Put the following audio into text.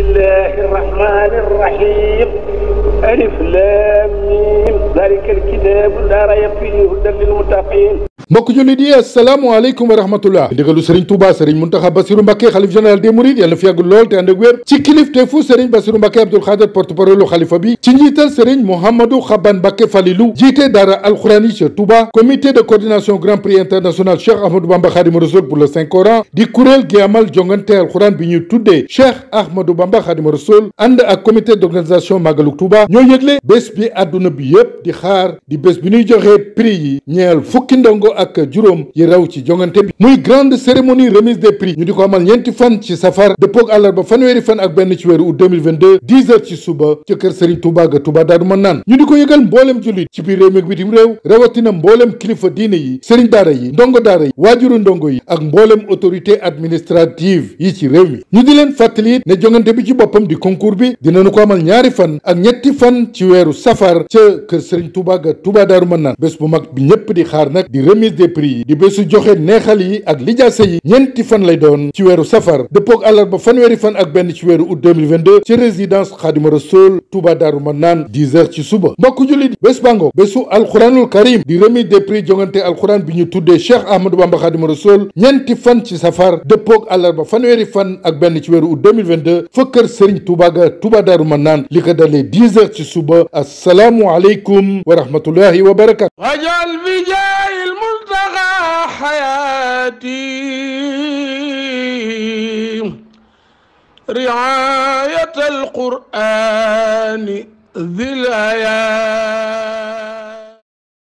الله الرحمن الرحيم ألف لام zaalikal kitaabu laa rayba fiihi hudan lil muttaqiin mbokk jullit yi asalaamaaleykum wa rahmatullah ndigalu sëriñ Touba sëriñ Muntaxa Basiru Mbàkke xalif général des mourides yàlla na fi yàgg lool te ànd ak wér ci kilifte fu sëriñ Basiru Mbàkke Abdul Xaadir porte-parole xalifa bi ci njiital sëriñ Mouhamadou Xaban Mbàkke Falilu jiite daara alxuraani ca Touba comité de coordination grand prix international Cheikh Ahmadou Bamba Xaadimu Rasuul pour le Saint Coran di kuréel gi amal jongante alxuraan bi ñuy tuddee Cheikh Ahmadou Bamba Xaadimu Rasuul ànd ak comité d'organisation Magalu Touba ñoo yëgle bés bi àdduna bi yépp di xaar di bés bi ñuy joxe prix yi ñeel fukki ndongo ak juróom yi raw ci jongante bi muy grande cérémonie remise des prix ñu di ko amal ñeenti fan ci safar dëppoog àllarba fanweeri fan ak benn ci weeru août 2022 10 heures ci suba ci kër Serigne Touba ga Touba Daaru Manaan ñu di ko yëgal mboolem jullit ci biir réew mi bitim réew rawatina mboolem kilifa diine yi seriñ daara yi ndongo daara yi waajuru ndongo yi ak mbooleem autorité administrative yi ci réew mi ñu di leen fàttali ne jongante bi ci boppam di concours bi dinañu ko amal ñaari fan ak ñetti fan ci weeru safar ca kër Serigne Serigne Touba ga Touba Daaru Manaan bés bu mag bi ñëpp di xaar nag di remise des prix yi di bésu joxe neexal yi ak lijaase yi ñenti fan lay doon ci weeru safar dëppook àllarba fanweeri fan ak benn ci weeru août 2022 ci résidence Xaadimu Rasuul Touba ma naan 10 heures ci suba mbokk jullit bés bango bésu alxuraanul karim di remise des prix jongante alxuraan bi ñu tuddee Cheikh Ahmadou Bamba Xaadimu Rasuul ñeenti fan ci safar dëppook àllarba fanweeri fan ak benn ci weeru août 2022 fa kër Serigne Touba ga Touba Daaru Manaan li ko dalee 10 heures ci suba asalaamualeykum عليكم ورحمة الله وبركاته واجعل بجاه الملتقى حياتي رعاية القرآن ذي الآيات